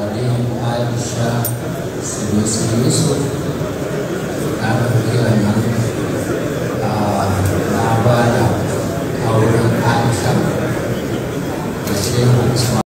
Maryam Aisha Sinusu Yusuf na ɗauki wannan na ba da auren Aisha da Shehu Usman